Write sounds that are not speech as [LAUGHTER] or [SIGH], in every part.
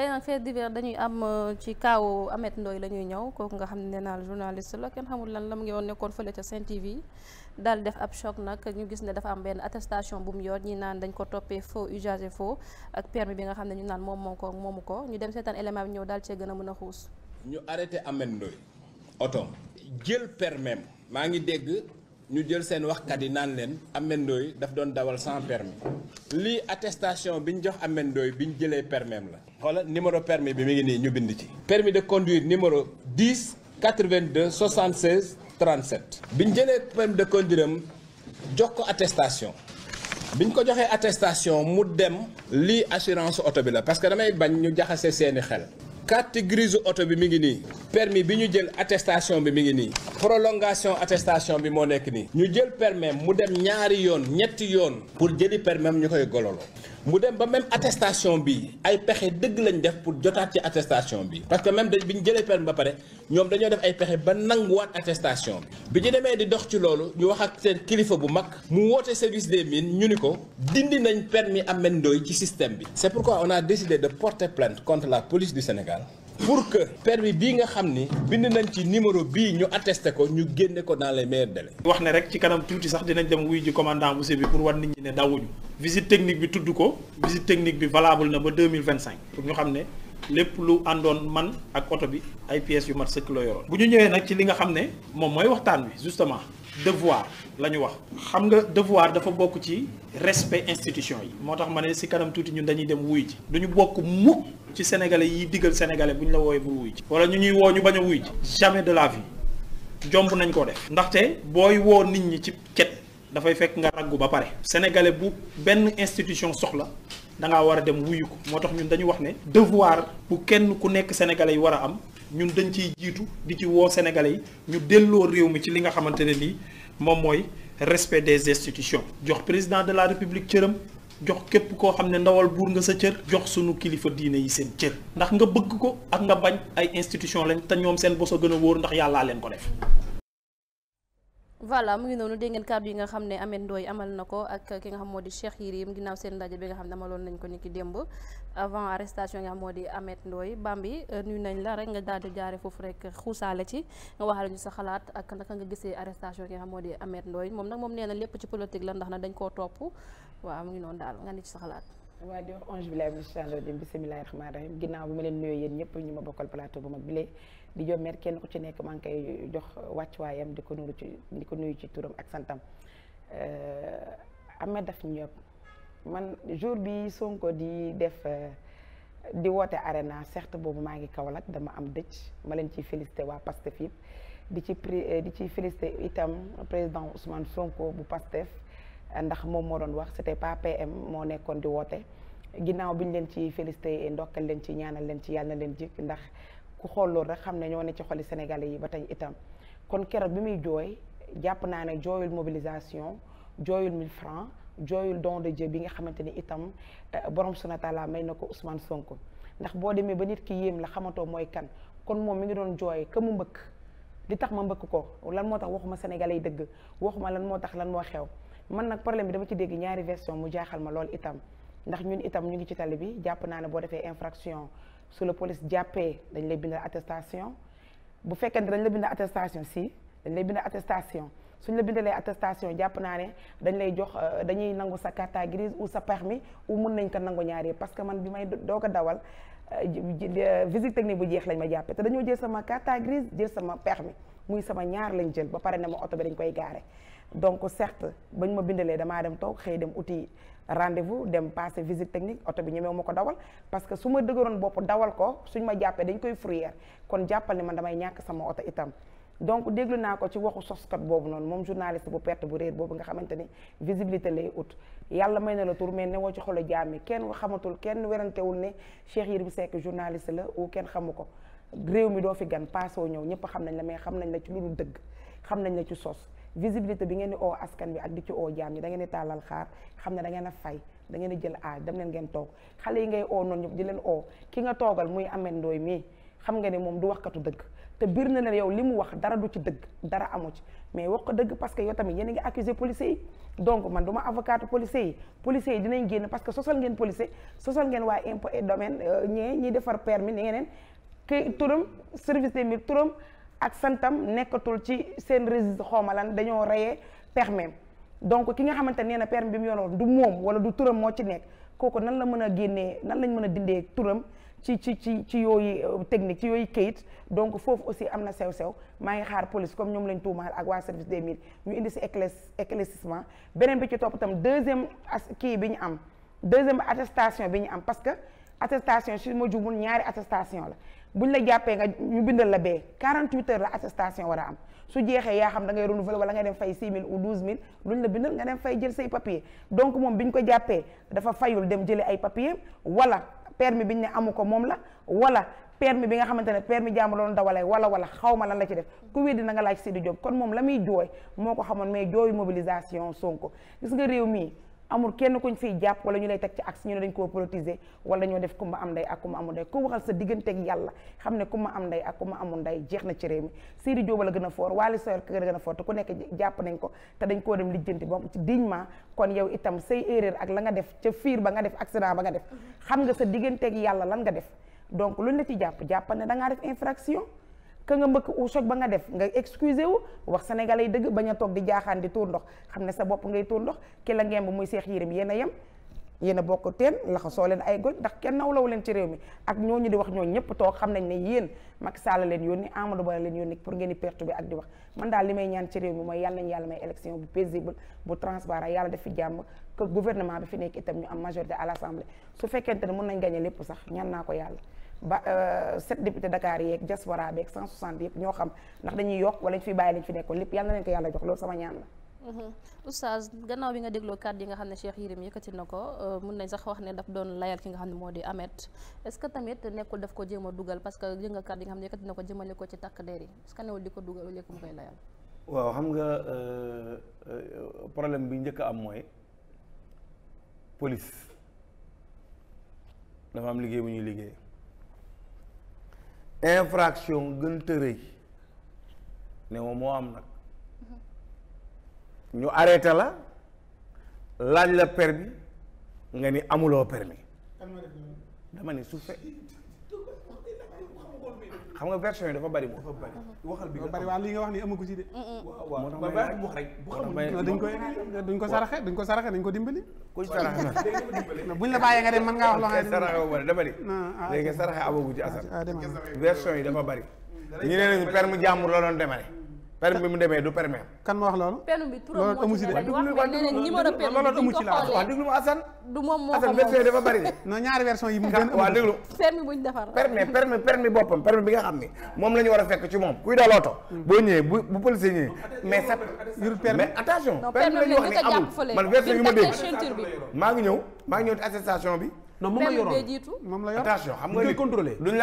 tey nag fait divers dañuy am euh, ci kaawu Ameth Ndoye la ñëw kooku nga xam ne nee naa journaliste la kenn xamul lan la mu ngi woon nekkoon fële ca Sen TV daal def ab choc nag ñu gis ne dafa am benn attestation bu mu yor ñi naan dañ ko toppee faux usage et faux ak permis bi nga xam ne ñu naan moom moo ko moomu ko ñu dem seetaan élément bi ñëw daal cee gën a mën a xuus. ñu arrêté Ameth Ndoye otoom jël permis maa ngi dégg ñu jël seen waxkat yi naan leen Ameth daf doon dawal sans permis lii attestation bi ñu jox Ameth bi ñu jëlee permis la xoolal numéro permis bi mi ngi nii ñu bind ci permis de conduire numéro 10 82 76 37 bi ñu jëlee permis de conduire am jox ko attestation bi ñu ko joxee attestation mu dem lii assurance oto bi la parce que damay bañ ñu jaxase seeni xel carte grise oto bi mi ngi nii permis bi ñu jël attestation bi mi ngi nii prolongation attestation bi moo nekk nii ñu jël permis mu dem ñaari yoon ñetti yoon pour jëli permis ñu koy gololo mu dem ba même attestation bi ay pexe dëgg lañ def pour jotaat ci attestation bi parce que même dañ bi ñu jëlee permis ba pare ñoom dañoo def ay pexe ba nanguwaat attestation bi bi ñu demee di dox ci loolu ñu wax ak seen kilifa bu mag mu woote service des ñu ni ko dindi nañ permis Ameth Ndoye ci système bi c'est pourquoi on a décidé de porter plainte Sénégal pour que permis bii nga xam ni bind nañ ci numéro bii ñu attesté ko ñu génne ko dans les meilleurs délais. wax ne rek ci kanam tuuti sax dinañ dem wuy ji commandant bu bi pour wan nit ñi ne dawuñu visite technique bi tudd ko visite technique bi valable na ba deux mille vingt cinq pour ñu xam ne. lépp lu àndoon man ak oto bi ay pièces yu mat sëkk la yoroon. bu ñu ñëwee nag ci li nga xam ne moom mooy waxtaan bi justement devoir la ñu wax xam nga devoir dafa bokk ci respect institution yi moo tax ma ne si kanam tuuti ñun dañuy dem wuy ci du bokk mukk ci sénégalais yi diggal sénégalais bu ñu la wooyee bu wuy ci wala ñu ñuy woo ñu bañ a wuy ji jamais de la vie jomb nañ koo def ndaxte booy woo nit ñi ci cet dafay fekk nga raggu ba pare sénégalais bu benn institution soxla da ngaa war a dem wuyu ko moo tax ñun dañu wax ne devoir bu kenn ku nekk sénégalais yi war a am ñun dañ ciy jiitu di ci woo sénégalais yi ñu delloo réew mi ci li nga xamante ne lii moom mooy respect des institutions jox président de la république cëram jox képp koo xam ne ndawal buur nga sa cër jox sunu kilifa diine yi seen cër ndax nga bëgg ko ak nga bañ ay institution lañ te ñoom seen bos a gën a wóor ndax yàllaa leen ko def voilà mu ngi noonu dégg ngeen kàddu yi nga xam ne Ameth Ndoye amal na ko ak ki nga xam moo di Cheikh Yérim ginnaaw seen ndaje bi nga xam ne amaloon nañ ko niki démb avant arrestation yi nga xam moo di Ameth euh, nañ la rek nga daal di jaare foofu rek xuusaale ci nga waxal ñu sa ak naka nga gisee arrestation yi nga xam moo di Ameth moom nag moom nee lépp ci politique la ndax na dañ koo topp waaw mu ngi noonu daal nga ni ci sa xalaat waaw di wax ange bilahi mina shaytani bi ma leen nuyoo yéen ñu ma bokkal plateau bu mag bi di jom kenn ku ci nekk maa ngi koy jox wàccuwaayam di ko nuyu ci di ko nuyu ci turam ak santam eh, Ahmed daf ñëpp man jour bi Sonko di def di woote arena certes boobu maa ngi Kaolack dama am dëj ma leen ciy félicité waa Pastef yëpp di ci eh, di ci félicité itam président Ousmane Sonko bu Pastef ndax moom moo doon wax c'était pas PM moo nekkoon di woote ginnaaw bi ñu leen ci félicité ndokkal leen ci ñaanal leen ci yàlla leen jik ndax ku xool loolu rek xam ne ñoo ne ci xoli sénégalais yi ba tey itam kon keroog bi muy jooy jàpp naa ne jooyul mobilisation jooyul 1000 francs jooyul don de Dieu bi nga xamante ni itam eh, borom suna taala may na ko Ousmane Sonko ndax boo demee ba nit ki yéem la xamatoo mooy kan kon moom mi ngi doon jooy ka mu mbëkk li tax ma mbëkk ko lan moo tax waxuma sénégalais yi dëgg waxuma lan moo tax lan moo xew man nag problème bi dama ci dégg ñaari version mu jaaxal ma lool itam ndax ñun itam ñu ngi ci tali bi jàpp naa ne boo defee infraction su la police jàppee dañ lay bindal attestation bu fekkee ne dañ la bindal attestation si dañ lay bindal attestation suñ la bindalee attestation jàpp naa ne dañ lay jox euh, dañuy nangu sa carte grise ou sa mi ou mun nañ ko nangu ñaari parce que man bi may doog a dawal euh, euh, visite technique bu jeex lañ ma jàppee te dañoo jël sama carte grise jël sama permis muy sama ñaar lañ jël ba pare ne ma oto bi dañ koy gaare donc certes bañ ma bindalee damaa dem toog xëy dem uti rendez-vous dem passé visite technique oto bi ñemewu ma ko dawal parce que su ma dëgëroon bopp dawal ko suñ ma jàppee dañ koy fourrière kon jàppal ni man damay ñàkk sama oto itam donc déglu naa ko ci waxu soskat boobu noonu moom journaliste bu perte bu réer boobu nga xamante ni visibilité lay ut yàlla may na la tour mais newoo ci xolu jaam yi kenn xamatul kenn werantewul ne Cheikh Yérim Seck journaliste la ou kenn xamu ko réew mi doo fi gan paasoo ñëw ñëpp xam nañ la mais xam nañ la ci lu dëgg xam nañ la ci sos visibilité bi ngeen di o askan bi ak di ci oo jaam ñi da tàllal xaar xam ne da ngeen a fay da ngeen jël aaj dem leen ngeen toog xale yi ngay o noonu ñëpp leen o ki nga toogal muy Ameth Ndoye mais xam nga ne moom du wax katu dëgg te biir na leen yow li mu wax dara du ci dëgg dara amu ci mais wax ko dëgg parce que yoo tamit yéen a ngi accusé policiers yi donc man du ma avocat policiers yi police yi dinañ génn parce que sosal ngeen policier sosal ngeen waa impôt et domaine euh, ñee ñiy defar permis ni ngeen neen kay turam service des mille turam ak santam nekkatul ci seen registre xawma lan dañoo reyee permis donc ki nga xamante nee na permis bi mu yoroon du moom wala du turam moo ci nekk kooku nan la mën a génnee nan lañ mën a dindee turam ci ci ci ci yooyu euh, technique ci yooyu kayit donc foofu aussi am na sew-sew maa ngi xaar police comme ñoom lañ tuumaal ak waa service des mines ñu indi si éclair éclaircissement beneen bi ci topp tam deuxième as kii bi ñu am deuxième attestation bi ñu am parce que attestation si ma ñaari attestation la bu ñu la jàppee nga ñu bindal la bee 48 heures la attestation war a am su jeexee yaa xam da ngay renouveler wala nga dem fay 6000 ou 12000 luñ la bindal nga dem fay jël say papier donc moom bi ñu ko jàppee dafa fayul dem jëlee ay papier wala permis biñ ne amu ko moom la wala permis bi nga xamante ne permis jàmm doon dawalee wala wala xaw ma lan la ci def ku weddi nanga nga laaj Sidi Diop kon moom la muy jooy moo ko xamoon mais jooyu mobilisation Sonko gis nga réew mii amul kenn kuñ fiy jàpp wala ñu lay teg ci axe ñu ne dañ koo politiser wala ñoo def kumba am ndey a kumba amul ndey ku waxal sa digganteeg yàlla xam ne kumba am ndey ak kumba amul ndey jeex na ci réew mi Sidi Diop la gën a foor Waly Sow la gën a foor te ku nekk jàpp nañ ko te dañ koo dem lijjanti boobu ci dignement kon yow itam say erreur ak la nga def ca fiir ba nga def accident ba nga def xam nga sa digganteeg yàlla lan nga def donc luñ la ci jàpp jàppal ne da def infraction ka nga mbëkk u ba nga def nga excusé wu wax sénégalais yi dëgg bañ a toog di jaaxaan di tuur ndox xam ne sa bopp ngay tuur ndox ki la ngemb muy Seex Yérim yéen a yem yéen a bokk teen laxasoo leen ay goj ndax kenn nawlaw leen ci réew mi ak ñooñu di wax ñooñu ñëpp toog xam nañ ne yéen Macky leen yónni Amadou Ba leen yónni pour ngeen ak di wax man daal li may ñaan ci réew mi mooy yàlla nañ yàlla may élection bu paisible bu transparent yàlla def fi jàmm que gouvernement bi fi nekk itam ñu am majorité à l'Assemblée su fekkente ne mën nañ gagné lépp sax ñaan naa ko yàlla ba set euh, sept député Dakar yeeg diaspora beeg 160 yëpp ñoo xam ndax dañuy yokk wala ñu fi bàyyi lañ fi nekkoon lépp yal na ko yàlla jox loolu sama ñaan la. Mhm. oustaz gannaaw bi nga dégloo kàddu yi nga xam ne Cheikh Yérim yëkkati na ko euh, mun nañ sax wax ne daf doon layal ki nga xam ne moo di Ameth est-ce que tamit nekkul daf ko jéem a dugal parce que jël nga kàddu yi nga xam ne yëkkati na ko jëmale ko ci takk der yi est-ce que newul di ko dugal léegi mu koy layal. waaw xam nga euh, problème bi njëkk am mooy police liggéey bu ñuy liggéey. infraction gën tërëy ne moo am nag ñu arrêté la laaj la permis nga ni amuloo permis dama ni su fe xam nga version yi dafa bari moom. dafa bari waxal bi nga bari waaw li nga wax ni amagu ci de. waaw moo tax may wax rek bu xamul dañ koy duñ ko saraxe duñ ko saraxe dañ ko dimbali. kuñ saraxe [LAUGHS] buñ la bàyyee nga dem mën ngaa wax loo xam ne saraxe boobu dafa bari. léegi saraxe amagu ci asar ah, version yi dafa bari. Mm, ñu ne leen mu jàmbur la doon demale permis bi mu demee du permis kan ma wax loolu. permis bi ci la amu ci la wax déglu ma Assane. du moom moo Assane version a. waaw déglu permis bu ñu moom la ñu war a fekk ci moom kuy dawal oto. Hmm. boo ñëwee bu bu policier ñëwee mais sa yur attention. permis la wax ni amul man version yu ma dégg maa ngi ñëw maa ngi ñëw ci attestation bi non moom la yoroon permis bee jiitu moom la yor xam nga ni contrôlé duñ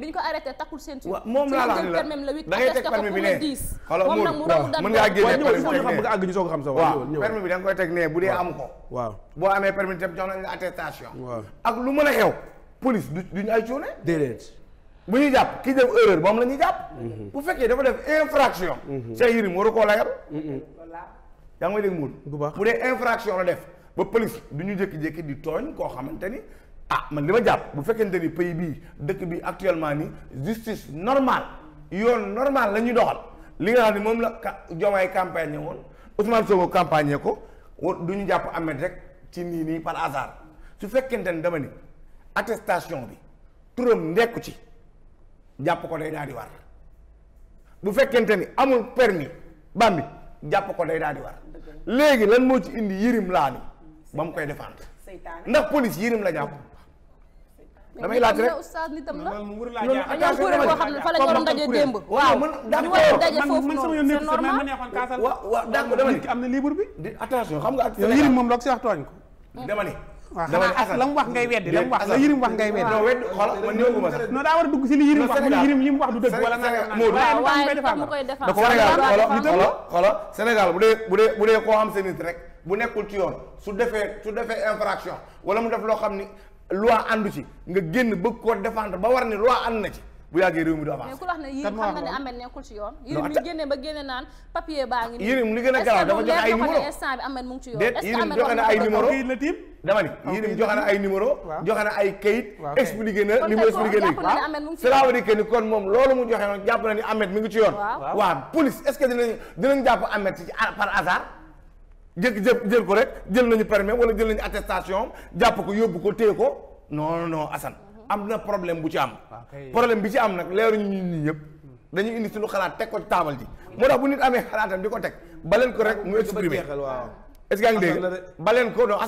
ñu ko arrêté takkul ceinture waaw moom laa la wax permis le huit da moom nag a jàpp mm-hmm. bu fekkee dafa def infraction sa mm-hmm. yirim waru koo layal mm-hmm. yaa ngi may bu baax bu dee infraction la def ba police du ñu jékki-jékki di tooñ koo xamante ni ah man li ma jàpp bu fekkente ni pays bii dëkk bi actuellement ni justice normale yoon normal la ñuy doxal li nga xam ne moom la Diomaye campagne woon Ousmane Sonko campagne ko du ñu jàpp Ahmed rek ci nii nii par hasard su fekkente ni dama ni attestation bi turam ndekku ci jàpp ko day daal war bu fekkente ni amul permis bambi jàpp ko day daal war léegi lan moo ci indi yërim laani ba mu koy défendre ndax police yërim la jàpp damay laaj rek waaw man d'accord dama ni attention xam nga ak yërim moom loog si wax tooñ ko dama waaw xanaa as la mu wax ngay weddi la mu wax ngay weddi. non weddi xoolal man ñëwaguma sax. non daa war a dugg si li yirim wax mu ne yirim li mu du dëgg. da war a defar xoolal xoolal Sénégal bu dee bu koo am sa rek bu nekkul ci yoon su defee su defee infraction wala mu def loo xam ni loi àndu si nga génn bëgg koo défendre ba war ni loi ànd na ci bu yàggee réew mi du avancé. mais ku wax ne yii xam nga ne Ameth a garaaw dafa joxe ay numéro instant bi Ameth ay numéro dama ni yéen joxe na ay numéro. joxe na ay kayit. expliqué na li mu expliqué léegi. cela veut dire que ni kon moom loolu mu joxe na ni Ameth mi ngi ci yoon. waaw police est ce que dinañ dinañ jàpp Ameth ci par hasard. jël jël ko rek jël nañu permis wala jël nañu attestation jàpp ko yóbbu ko téye ko non non asan am na problème bu ci am ah, problème bi ci am nag leeruñu ñun ñi ñëpp dañuy indi suñu xalaat teg ko ci taabal ji moo tax bu nit amee xalaatam di ko teg baleen ko rek mu exprimer est-ce que yaa ngi dégg baleen ko non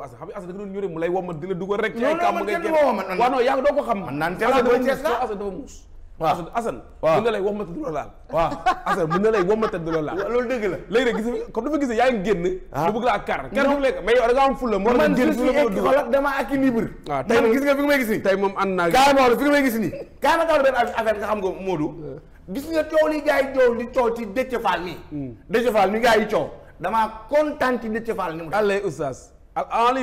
dafa xam mu lay woman di la dugal rek ci ay kàmm nga naan teel a dafa muus waaw Assane mën na lay wax ma te du la laal waaw Assane mën na lay wax ma te du la laal loolu dëgg la léegi nag gis comme dafa gis yaa ngi génn lu ah. bëgg laa kar kar bu lekk mais yow da dama ak libre waaw ah, tey moom gis nga fi nga may gis nii tey moom ànd naa kaay ma wax fi nga gis nii kaay ma taxaw benn affaire euh. gis nga coow li gars yi coow li coow ci Déthié Fall nii hmm. Déthié kontaan ci Déthié Fall ni mu allez oustaz al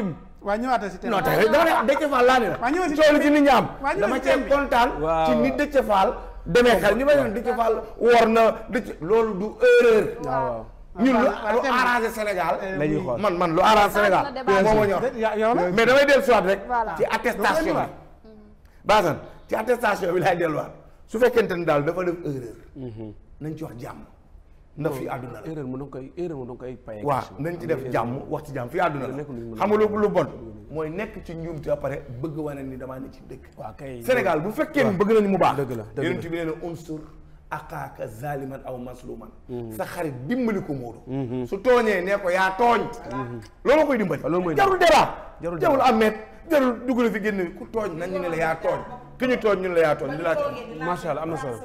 waa ñëwaatal si non tey dama ne ah, Déthié Fall laa ne la. waa ñëwaat si toolu ci nit ñi am. dama cee kontaan. ci nit Déthié Fall. demee xel ñu may doon Déthié Fall war na Déthié loolu du erreur. waaw ñun lu arrangé Sénégal. lañuy eh, xool man man lu arrangé Sénégal. mais damay dellu soit rek. ci attestation bi. Basan ci attestation bi laay delluwaat su fekkente ni daal dafa def erreur. Mhm. nañ ci wax jàmm. ndax fii àdduna la erreur mu danga koy erreur mu danga koy ci def jàmm wax ci jàmm fii àdduna la xam nga lu lu bon mooy nekk ci njuumte a pare bëgg wane ni damaa ne ci dëkk waaw kay Sénégal bu fekkee ni bëgg nañ mu baax dëgg la yonent bi nee na unsur akaaka zaliman aw masluman mhm. sa xarit dimbali ko Moodu mhm. su tooñee nee ko yaa tooñ mhm. loolu koy dimbali jarul débat jarul amet jarul dugg na fi génn ku tooñ nañ ñu ne la yaa tooñ ki ñu tooñ ñu la yaa tooñ li laa macha allah am na solo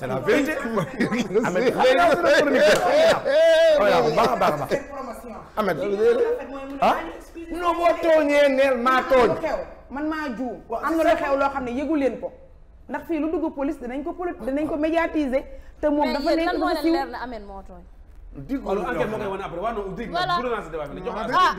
c'est la vérité. Ahmed a baax a baax. Ahmed. ah. non boo tooñee neel maa tooñ. man maa juum. am na lu xew xam ne yëgu leen ko. ndax fii lu dugg police dinañ ko poli ko médiatiser. te moom dafa na Ahmed moo tooñ. digg wala enquête moo koy wane après waa ah. ah.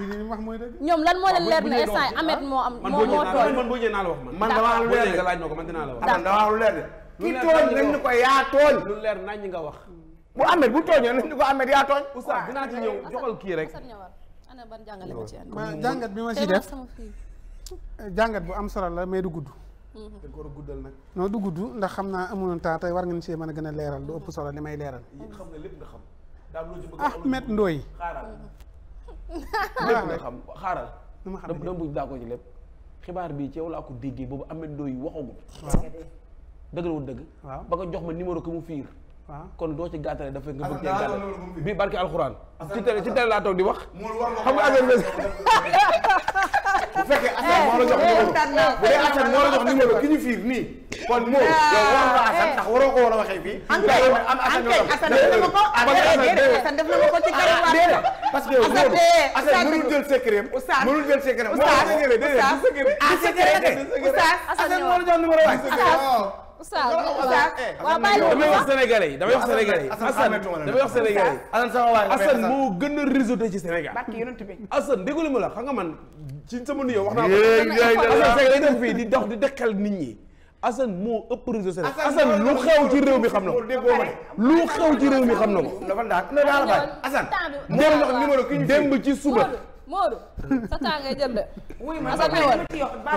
ñoom lan moo leen ah, leer ne instant Ahmed moo am moo moo tooñ man boo ñëwee naa la wax man. man damaa leer man la wax. man damaa leer ki tooñ nañ ni ko yaa tooñ. lu leer nañ nga wax. bu Ahmed bu tooñee nañ ni ko Ahmed yaa tooñ. oustaz dinaa ci ñëw joxal kii rek. ana ban jàngale ma ci jàngat bi ma ci def eh, jàngat bu am solo la mais du gudd. Mhm. da guddal nag. non du gudd ndax xam naa amul temps tey war ngeen see mën a gën a leeral lu ëpp solo li may leeral. xam nga lépp nga xam. daal loo ci bëgg ah, xaaral mhm. lu [LAUGHS] ma xam ne dama bëgg daa ko ci lépp xibaar bi ci yow laa ko déggee boobu Ahmed Ndoye waxagul. dëgg la wut dëgg. waaw ba nga jox ma numéro ko mu fiir. waaw kon doo ci gàttale dafa nga bëgg cee bi barke alxuraan. ci télé ci télé laa toog di wax. xam nga affaire bi. [LAUGHS] bu fekkee Assane moo la jox numéro bu dee Assane moo la jox numéro ki ñu fiir nii. kon moo ah. yow war nga Assane ndax waroo ko war a waxee fii. am Assane def na ko Assane def na ma ko ci kër parce que Assane mënul jël secret am mënul jël secret am. Assane ah, moo la jox numéro waay. oustaz eh, waaw bàyyi damay wax wax sénégalais yi moo gën a réseauté ci Sénégal barki yonent bi Assane déglu ma la xam nga man ci sama nuyoo wax naa ko di dox di dekkal moo ëpp réseau Sénégal Assane lu xew ci réew mi xam na ko lu xew ci réew mi xam na ko dafa ndax Assane démb ci suba Modou sa temps ngay jël de. wuy ma Assane ñëwal ma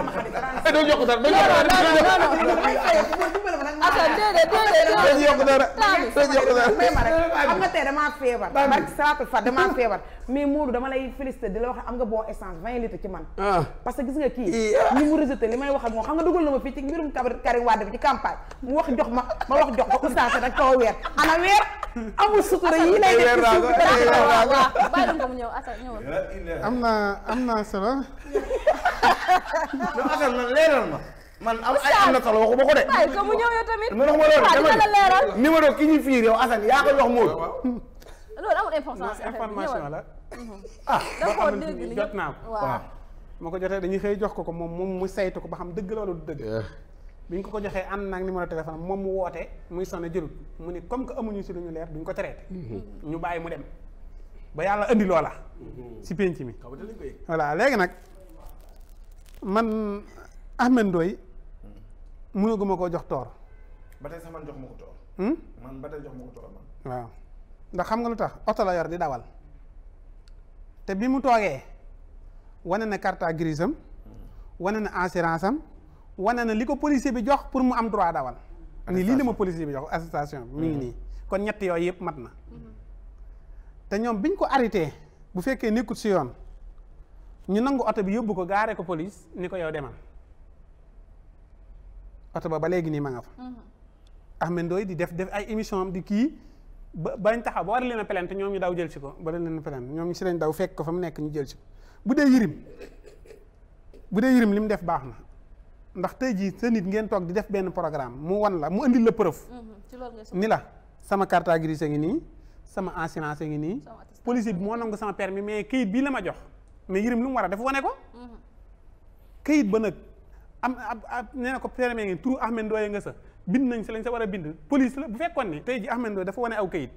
eh, doo yokk dara doo yokk dara non non non non. Assane déedéet déedéet. doo yokk dara doo yokk dara. may ma rek xam nga tey damaa feebar. barke salaatul fa damaa feebar. mais Modou dama lay féliciter di la wax am nga bon essence vingt litres ci man. Ah. parce que gis nga kii. ni mu rejeté li may wax ak moom xam nga dugal na ma fii ci mbirum Karim Wade bi ci campagne. mu wax jox ma ma wax jox ko oustaz rek kaw weer ana weer. amul sutura yi lay nekk suuf am na [LAUGHS] am na solo. non na solo waxu ma ko de. waaye mu la leeral numéro ki ñu fiir yow Assane ko mhm. ah. jox ko. waaw jotee dañuy xëy jox ko ko moom moom mu saytu ko ba xam dëgg loolu du dëgg. bi ñu ko ko joxee ànd naag numéro téléphone moom mu woote muy sonné jëlut mu ni comme que amuñu si lu ñu leer duñ ko traité. Mhm. ñu bàyyi mu dem ba yàlla indi loola. Mhm. si penc mi. voilà léegi nag man Ahmed Ndoye mënaguma koo jox toor. ba tey sax hmm? ma ko toor. man jox toor waaw ndax xam nga lu tax oto la yor di dawal te bi mu toogee wane na carte grise am hmm. wane na assurance am. wane na li ko policier bi jox pour mu am droit dawal ni lii la ma policier bi jox attestation bi mi ngi nii kon ñett yooyu yëpp mat na mm-hmm. te ñoom biñ ko arrêté bu fekkee nekkut si yoon ñu nangu oto bi yóbbu ko gaare ko police ni ko yow demal oto ba ba léegi nii ma nga fa mm-hmm. Ahmed Ndoye di def def ay émission di kii ba bañ taxaw ba war leen a plainte ñoom ñu daw jël si ko ba leen a plainte ñoom ñu si lañ daw fekk ko fa mu nekk ñu jël bu dee yirim bu dee yirim li mu def baax na ndax tey jii sa nit ngeen toog di def benn programme mu wan la mu indil la preuve. Mhm, ni la sama carte grise ngi nii sama assurance ngi nii. police bi moo nangu sama permis mais kayit bii la ma jox mais yërim lu mu war a def wane ko. Mhm. kayit ba nag am ab nee na ko permis ngi turu Ahmed Ndoye nga sax bind nañ si lañ sa war a bind police la bu fekkoon ni tey jii Ahmed Ndoye dafa wane aw kayit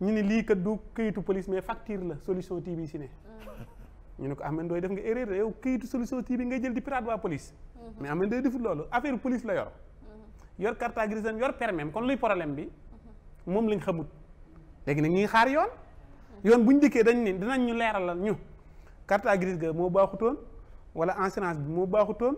ñu ni lii kat du kayitu police mais facture la solution TV si ne. Mhm. ñu ne ko Ahmed Ndoye def nga erreur yow këyitu solution tii bi ngay jël di pirate waa police mhm. mais Ahmed Ndoye deful loolu affaire police la yor mhm. yor carte grise yor permis kon luy problème bi mhm. moom lañ xamut léegi nag ñuy xaar yoon yoon bu ñu dikkee dañ ne dinañ ñu leeralal ñu carte grise ga moo baaxutoon wala assurance bi moo baaxutoon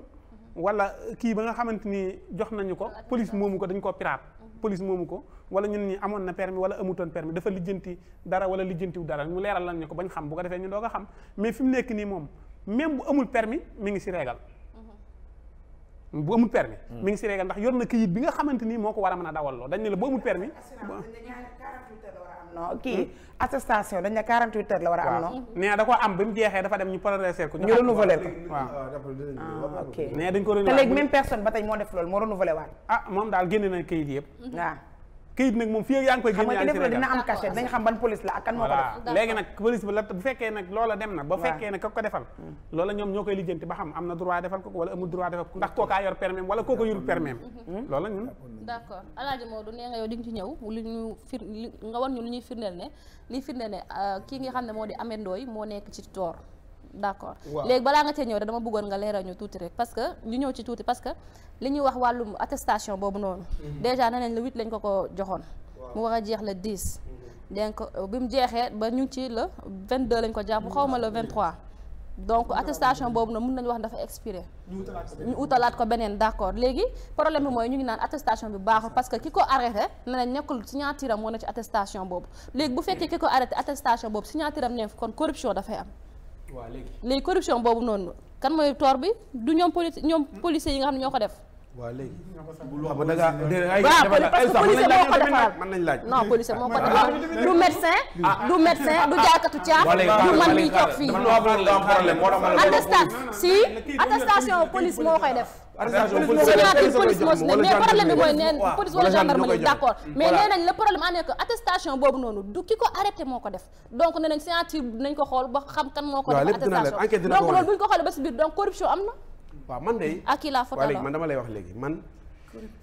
wala kii ba nga xamante ni jox nañu ko police moomu ko dañ koo pirate police moomu ko wala ñun ñi amoon na permis wala amutoon permi dafa lijjanti dara wala lijjantiwu dara mu leeral lan ñu ko bañ xam bu ko defee ñu doog a xam mais fi mu nekk nii moom même bu amul permis mi ngi si régal bu amul permis mi ngi si régal ndax yor na kayit bi nga xamante ni moo ko war a mën a dawalloo dañ ne la bu amul permis kii attestation dañ ne 48 heures la war a am non nee da ko am ba mu jeexee dafa dem ñu progressé ko ñu renouvelé ko waaw ah, ah, ok nee dañ ko renouvelé te léegi loolu moo renouvelé waat ah moom daal génne na këyit yëpp waaw kayit nag moom fii yaa ngi koy génne yaa ngi ci dina am cachet xam ban police la ak kan moo ko def léegi nag police bi la bu loola na ba fekkee nag ka ko defal hmm. loola ñoom ñoo koy lijjanti ba xam am na droit defal ko wala amul droit defal ko ndax kookaa yor permis wala kooko yorul permis hmm. Hmm. loola ñun d'accord alaaji Modou nee nga yow di nga ci ñëw li ñu fir nga wan ñu lu ñuy firndeel ne liy firndeel ne ah, kii nga xam ne moo di Ameth Ndoye moo nekk ci toor d'accord léegi balaa nga cee ñëw rek dama bëggoon nga leeral ñu tuuti rek parce que ñu ñëw ci tuuti parce que li ñuy wax wàllum attestation boobu noonu mhm. déjà nee nañ le huit lañ ko ko joxoon mu war jeex la dix mhm. donc bi mu jeexee ba ñu ngi ci le vingt deux lañ ko jàpp xaw ma le vingt trois donc attestation boobu nag mën nañu wax dafa expiré ñu utalaat ko beneen d'accord léegi problème bi mooy ñu ngi naan attestation bi baaxul parce que ki ko arrêté ne na nekkul signature léegi bu fekkee ki ko arrêté attestation boobu signature am ne kon corruption dafay am waaw léegi léegi corruption boobu noonu kan mooy toor bi du ñoom poli ñoom policiers yi nga xam ne ñoo ko def waa léegi bu ah, da ngaa ay parce que police moo ko defal mën nañ laaj non police moo ko ah, defal ah, du médecin du médecin du jaakatu caaf du man mii toog fii attestation si attestation police moo koy def signature police moo si ne mais problème bi mooy neen police wala gendarmerie d'accord mais nee nañ le problème en est que attestation boobu noonu du ki ko arrêté moo ko def donc nee nañ signature nañ ko xool ba xam kan moo ko def attestation donc loolu buñ ko xoolee ba si biir donc corruption am na waaw man de. ak kii la man dama lay wax léegi man.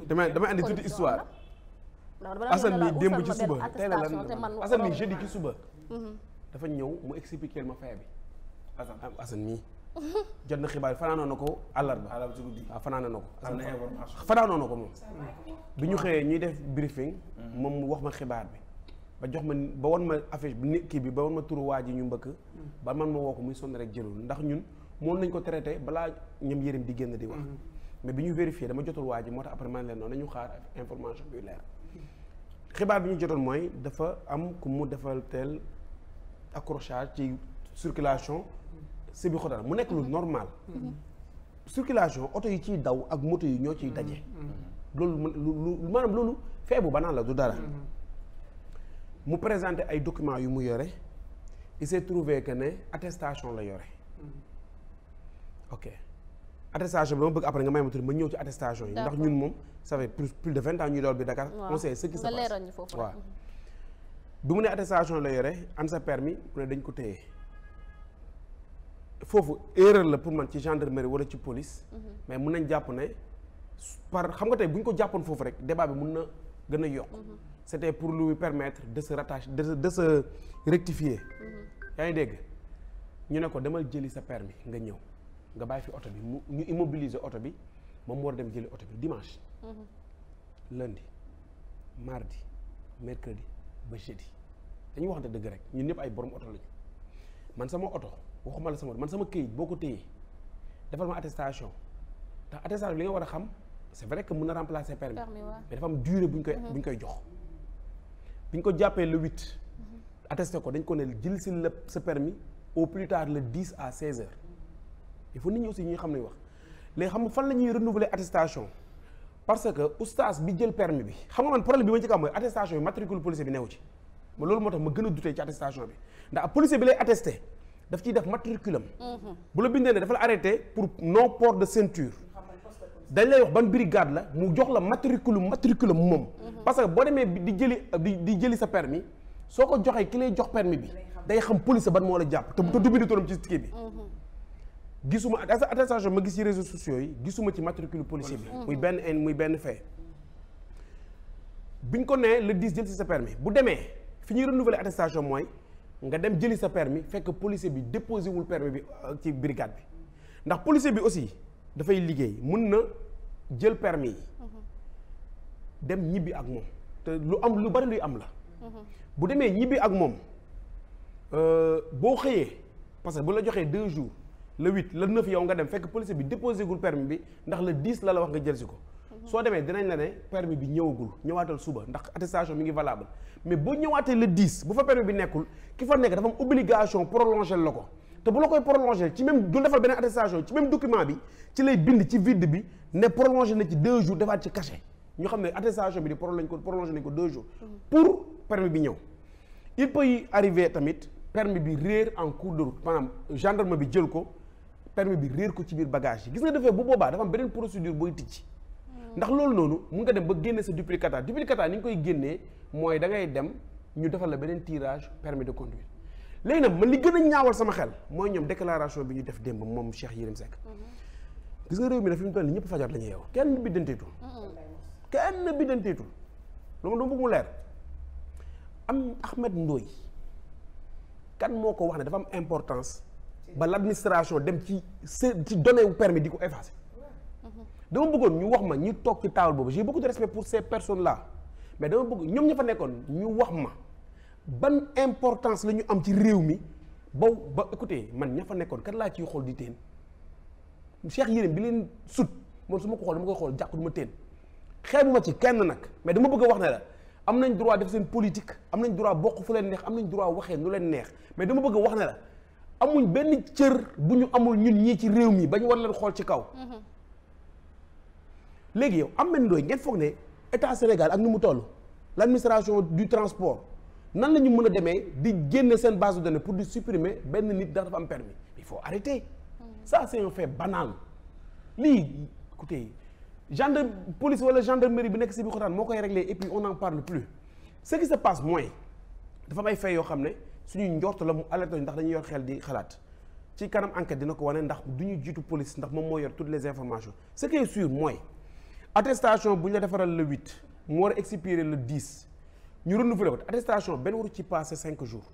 dama dama andi tuuti histoire. Assane mi démb ci suba tey la ci suba. Mhm. dafa ñëw mu expliquer ma fay bi. Assane ah, mi jot na xibaar fanaanoo na ko àllarba. àllarba ci guddi waaw ah, fanaanoon na ko. am na information na ko moom. bi ñu xëyee ñuy def briefing. Mhm. moom mu wax ma xibaar bi. ba jox ma ba won ma affiche bi nit kii bi ba won ma turu waa ji ñu mbëkk. Mhm. ba man ma woo ko muy sonn rek jëlul ndax ñun. moom nañ ko traité balaa ñoom yërim di génn di wax mm-hmm. mais bi ñu vérifié dama jotul waa ji moo tax après man leen noonu nañu xaar information buy leer xibaar bi ñu jotoon mooy dafa am ku mu defal teel accrochage ci circulation si bi xotaan mu nekk lu mm-hmm. normal mm-hmm. circulation oto yi ciy daw ak moto yi ñoo ciy daje loolu lu maanaam loolu feebu ba banaan la du dara mu présenté ay documents yu mu yore il s'est trouvé que ne attestation la yore ok attestation bi dama bëgg après nga may ma tudd ma ñëw ci attestation yi. ndax ñun moom ça fait plus de vingt ans ñuy dool bi Dakar. on sait ce qui se mhm. bi mu ne attestation la yore am sa permis mu ne dañ ko téye foofu erreur la pour man ci gendarmerie wala ci police. Mhm. mais mun nañ jàpp ne par xam nga tey bu ñu ko jàppoon foofu rek débat bi mun na gën a yokk. Mhm. c'était pour lu permetre de se rattacher de de se rectifier. yaa ngi dégg ñu ne ko demal jëli sa permis nga ñëw. nga bàyyi fi oto bi mu ñu immobiliser oto bi moom war dem jëli oto bi dimanche. Mhm. lundi mardi mercredi ba jeudi dañuy waxante dëgg rek ñun ñëpp ay borom oto lañu man sama oto waxuma la sama man sama këyit boo ko téyee defal ma attestation tax attestation bi li nga war a xam c' est que mun na remplacer permis mais dafa am durée bu ñu koy mhm. bu ñu koy jox bi ñu ko jàppee le huit mhm. attesté ko dañ ko ne jël si la sa permis au plus tard le dix à seize heures il faut nit ñi aussi ñuy xam ne wax léegi xam nga fan la ñuy renouveler attestation parce que oustaz bi jël permis bi xam nga man problème bi ma ci kaw mooy attestation bi a dutee ci attestation ndax policier bi lay attesté daf ciy def matriculum mhm. bu la bindee ne dafa la arrêté pour non port de ceinture dañ lay wax ban brigade la mu jox la matriculum matriculum moom mhm. parce que boo demee di jëli di jëli sa permis soo ko joxee ki lay jox permis bi day xam police ban moo la jàpp te gisuma attestation ma gis ci réseaux sociaux yi gisuma ci matricule policier bi muy benn en muy benn fee biñ ko nee le 10 jël si sa permis bu demee fi ñuy renouveler attestation mooy nga dem jëli sa permis fekk policier bi déposé wul permis bi euh, ci brigade bi ndax policier bi aussi dafay liggéey mun na jël permis yi dem ñibbi ak moom te lu am lu bari luy am la bu demee ñibbi ak moom euh, boo xëyee parce que bu la joxee deux jours le 8 le 9 yow nga dem fekk police bi déposé gul permis bi ndax le 10 la la wax nga jël si ko. soo demee dinañ la ne permis bi ñëwagul ñëwaatal suba ndax attestation mi ngi valable mais boo ñëwaatee le 10 bu fa permis bi nekkul ki fa nekk dafa am obligation prolonger la ko te bu la koy prolonger ci même du defal beneen attestation ci même document bi ci lay bind ci vide bi ne prolonger na ci deux jours defaat ci cachet ñu xam ne attestation bi di prolonger ko prolonger nañ ko deux jours. Mm-hmm. pour permis bi ñëw. il peut tamit permis bi réer en cours de route maanaam bi jël ko. permis bi réer ko ci biir bagage yi gis nga defee bu boobaa dafa am beneen procédure booy tijji ndax loolu noonu mun nga dem ba génne sa duplicata duplicata ni ñu koy génnee mooy da dem ñu defal la beneen tirage permis de conduire léegi nag man li gën a ñaawal sama xel mooy ñoom déclaration bi ñu def démb moom Cheikh Yérim Seck mm-hmm. gis nga réew mi na fi mu toll nii ñëpp fajar la ñuy yeewu kenn bi danteetul mm-hmm. kenn bi danteetul lu ma doon bëgg mu leer am Ahmed Ndoye kan moo ko wax ne dafa am importance ba la administration dem ci ci donné wu permis di ko effacer dama bëggoon ñu wax ma ñu toog ci table boobu j'ai beaucoup de respect pour ces personnes là mais dama bëgg ñoom ña fa nekkoon ñu wax ma ban importance la am ci réew mi ba ba écoutez man ña fa nekkoon kan laa ci xool di teen Cheikh Yérim bi leen sut moom su ma ko xool dama koy xool jàkku du ma teen xeebu ma ci kenn nag mais dama bëgg wax ne la am nañ droit def seen politique am nañ droit bokk fu leen neex am nañ droit waxee nu leen neex mais dama bëgg a wax ne la amuñ benn cër bu ñu amul ñun ñii ci réew mi ba ñu war leen xool ci kaw. Mhm. léegi yow am na ndooy ngeen foog ne état Sénégal ak nu mu toll l' administration du transport nan la ñu mën a demee di génne seen base de pour di supprimer benn nit dafa am permis il faut arrêter. sa c' fee un fait banal lii écoutez gendarme police wala gendarmerie bi nekk si bi xotaan moo koy réglé et puis on n'en parle plus ce qui se passe mooy dafa may fay yoo xam ne. suñuy njort la mu alerté ndax dañuy yor xel di xalaat ci kanam enquête dina ko wane ndax du ñu jiitu police ndax moom moo yor toutes les informations ce qui est mooy attestation bu ñu la defaral le huit mu war a expirer le dix ñu renouveler ko attestation benn waru ci passé cinq jours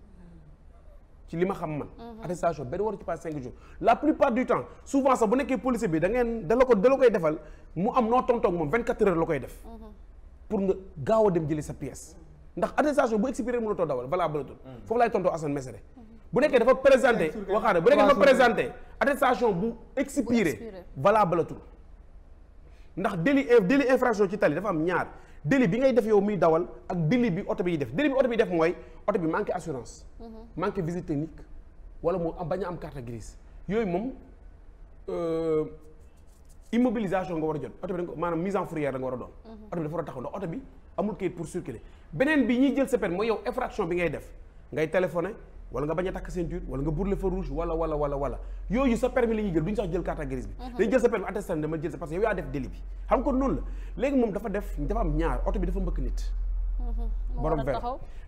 ci li ma xam man. Mhm. attestation benn waru ci passé cinq jours la plupart du temps souvent sax bu nekkee policier bi da ngeen da la ko da koy defal mu am noo tontoog moom vingt quatre heures koy def. Mhm. pour nga gaaw a dem jëli sa pièce. ndax attestation bu expiré mënatoo dawal valable bëlatul foofu laay tontoo Assane Mesere bu nekkee dafa présenté waxaana bu nekkee dafa présenté attestation bu expiré valable bëlatul ndax délit délit infraction ci tali dafa am ñaar délit bi ngay def yow miy dawal ak délit bi oto bi def délit bi oto bi def mooy oto bi manqué assurance mhm. manqué visite technique wala moo am bañ a am carte grise yooyu moom euh, immobilisation nga war a jot oto bi da nga a mhm. oto bi dafa war a taxaw beneen bi ñuy jël sa peine mooy yow infraction bi ngay def ngay téléphoné wala nga bañ a takk ceinture wala nga brûler feu rouge wala wala wala wala yooyu sa per la ñuy jël du ñu sax jël carte grise bi mhm. dañu jël sa permis attestation dama jël sa parce que yow yaa def délit bi xam kon noonu la léegi moom dafa def dafa am ñaar oto bi dafa mbëkk nit mhm. borom vélo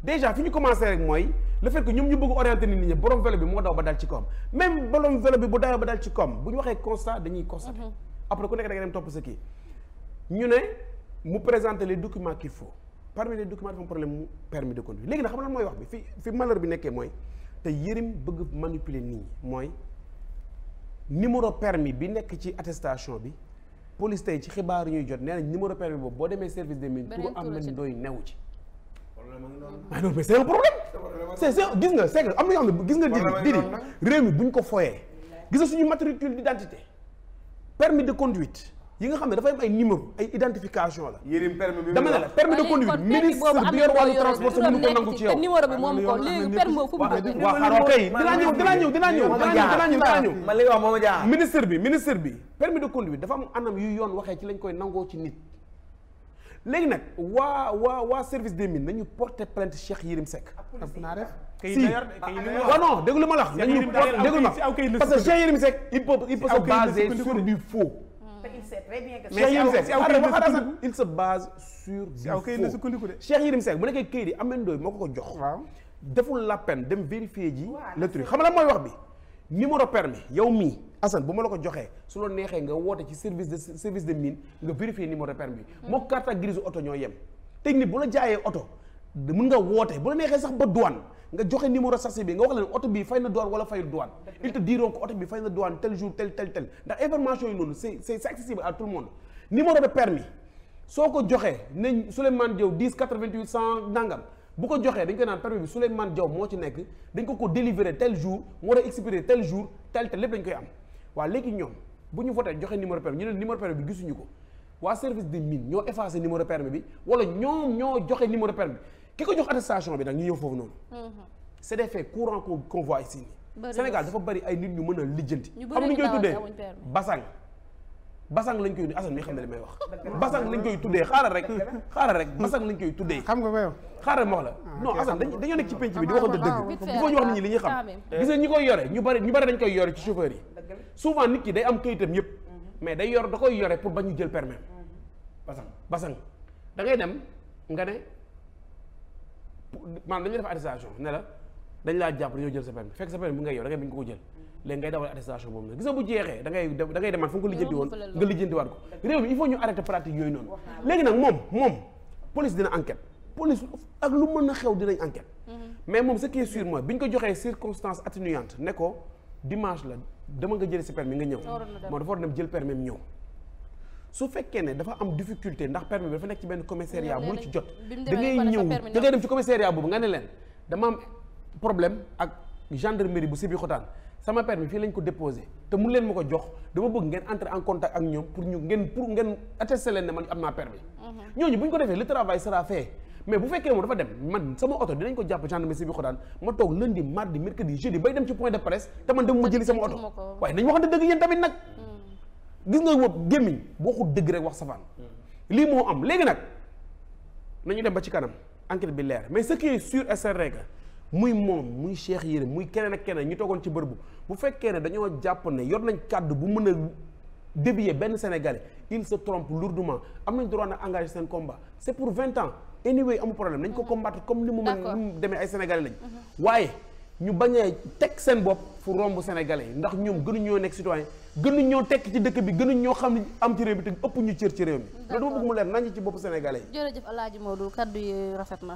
déjà fi ñu commencé rek mooy le fekk ñoom ñu bëgg orienté nit ñi borom vélo bi moo daw ba dal ci kawam même borom vélo bi bu dawee ñu waxee constat dañuy constaté mhm. après ku nekk da nga dem topp sa ñu ne mu présenter les documents qu'il faut parmi les documents dafa am problème mu permis de conduire léegi nag xam nga lan mooy wax bi fi fi malheur bi nekkee mooy te Yérim bëgg manipuler nit mooy numéro permis bi nekk ci attestation bi police tey ci xibaar yu ñuy jot nee nañ numéro permis boobu boo demee service des mines pour am nañ dooy new ci ah non mais c'est un problème c'est c'est gis nga c'est que am na yoo xam ne gis nga di di réew mi bu ñu ko foyee gis nga suñu matricule d'identité permis de conduite yi nga xam ne dafa am ay numéro ay identification la. yërim permis bi dama ne la permis de conduire ministre bi ministre bi permis de conduire dafa am anam yu yoon waxee ci lañ koy nangoo ci nit. léegi nag waa waa waa service des mines nañu porter plainte Cheikh Yérim Seck. Ah, si waaw déglu ma la. déglu ma parce que Cheikh Yérim Seck il peut il peut se baser sur sais très bien que. Cheikh Yérim Seck il se base sur. du faux Cheikh Yérim Seck bu nekkee këyit yi Ameth Ndoye moo ko ko jox. deful la dem vérifier ji. le truc xam nga mooy wax bi. numéro permis yow mii Assane bu ma la ko joxee su la neexee nga woote ci service de service de mine nga vérifier numéro permis hmm. moo carte grise oto ñoo yem. technique bu la jaayee oto. mën nga woote bu la neexee sax ba douane nga joxe numéro sachet bi nga wax leen oto bi fay na douane wala fayul douane ils te diront que oto bi fay na douane tel jour tel tel tel ndax information yi noonu c'est c'est accessible à tout le monde numéro de permis soo ko joxee nañ Souleymane Diaw 10 88 100 nangam bu ko joxee dañ koy naan permis bi Souleymane jow moo ci nekk dañ ko ko délivrer tel jour mu war a expirer tel jour tel tel lépp dañ koy am waa léegi ñoom bu ñu voté joxe numéro permis ñu ne numéro permis bi gisuñu ko waa service des mines ñoo effacé numéro bi wala ñoom ñoo joxe numéro permis ki ko jox attestation bi nag ñu ñëw foofu noonu. Mhm. c'est des faits courants qu'on voit ici nii. Sénégal dafa bari ay nit ñu mën a lijjanti. ñu bëri ñu koy tuddee basang. basang lañ koy tuddee Assane xam ne li may wax. basang lañ koy tuddee xaaral rek. xaaral rek basang lañ koy tuddee. xam nga ko yow. xaaral ma wax la ah, non Assane dañoo nekk ci penc bi ah, di waxante ah, dëgg. bu ko ñu wax nit ñi li ñuy xam. gis nga ñi koy yore ñu bari ñu bari dañ koy yore ci chauffeur yi. souvent nit ki day am këyitam yëpp. Mhm. yor da koy yore pour ba ñu mhm. da ngay dem nga ne maanaam dañu def attestation ne la dañ laa jàpp dañoo jël sa permis fekk sa permis bu ngay yow da ngay bañ ko ko jël léegi ngay dawal attestation boobu nag gis bu jeexee da demaat fu nga ko woon nga lijjantiwaat ko réew mi il faut ñu arrêter pratique yooyu noonu léegi nag moom moom police dina enquête police ak lu mën a xew dinañ enquête mhm. mais moom ce qui est sûr bi ñu ko joxee circonstance atténuante ne dimanche la dama nga jëlee sa su fekkee ne dafa am difficulté ndax permis bi dafa nekk ci benn commissariat mënu ci jot da ngay ñëw da dem ci commissariat boobu nga ne leen dama am problème ak gendarmerie bu Sébikotane sama permis fii lañ ko déposé te mun leen ma ko jox dama bëgg ngeen entrer en contact ak ñoom pour ñu ngeen pour ngeen attester leen ne man am naa permis mhm. ñooñu bu ñu ko defee le travail sera fait mais bu fekkee moom dafa dem man sama oto dinañ ko jàpp gendarmerie gis nga wëpp gémmiñ boo xut dëgg rek wax safaan lii moo am léegi nag nañu dem ba ci kanam enquête bi leer mais ce qui est sûr et muy moom muy Cheikh Yérim muy keneen ak keneen ñu toogoon ci bërëb bu fekkee ne dañoo jàpp ne yor nañ kàddu bu mën a dévier benn Sénégalais il se trompe lourdement am nañ droit na engagé seen combat c'est pour vingt ans anyway amul problème nañ ko combattre comme ni mu mën ni mu demee ay Sénégalais lañ mhm. waaye ñu bañ a teg seen bopp fu romb sénégalais yi ndax ñoom gënuñoo nekk citoyen gënuñoo tekk ci dëkk bi gënuñoo xam am ci réew bi te ëpp ñu cër ci réew mi. loolu dama bëgg mu leer nañu ci bopp sénégalais yi. jërëjëf El Hadj Modou kaddu yi rafet na